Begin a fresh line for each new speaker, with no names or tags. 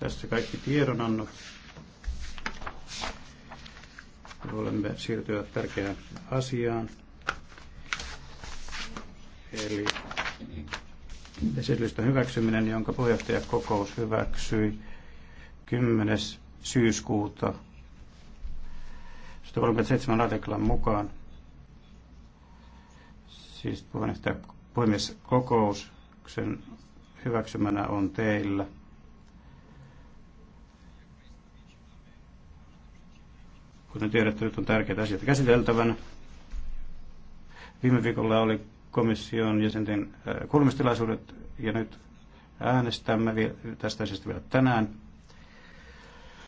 Tässä kaikki tiedonannot. Olemme siirtyä tärkeään asiaan. Eli esitystä hyväksyminen, jonka puheenjohtajakokous hyväksyi 10. syyskuuta 137 artiklan mukaan. Siis puheenjohtajakokouksen hyväksymänä on teillä. Kuten tiedätte, nyt on tärkeitä asioita käsiteltävänä. Viime viikolla oli komission jäsenten äh, kuulemistilaisuudet ja nyt äänestämme tästä asiasta vielä tänään.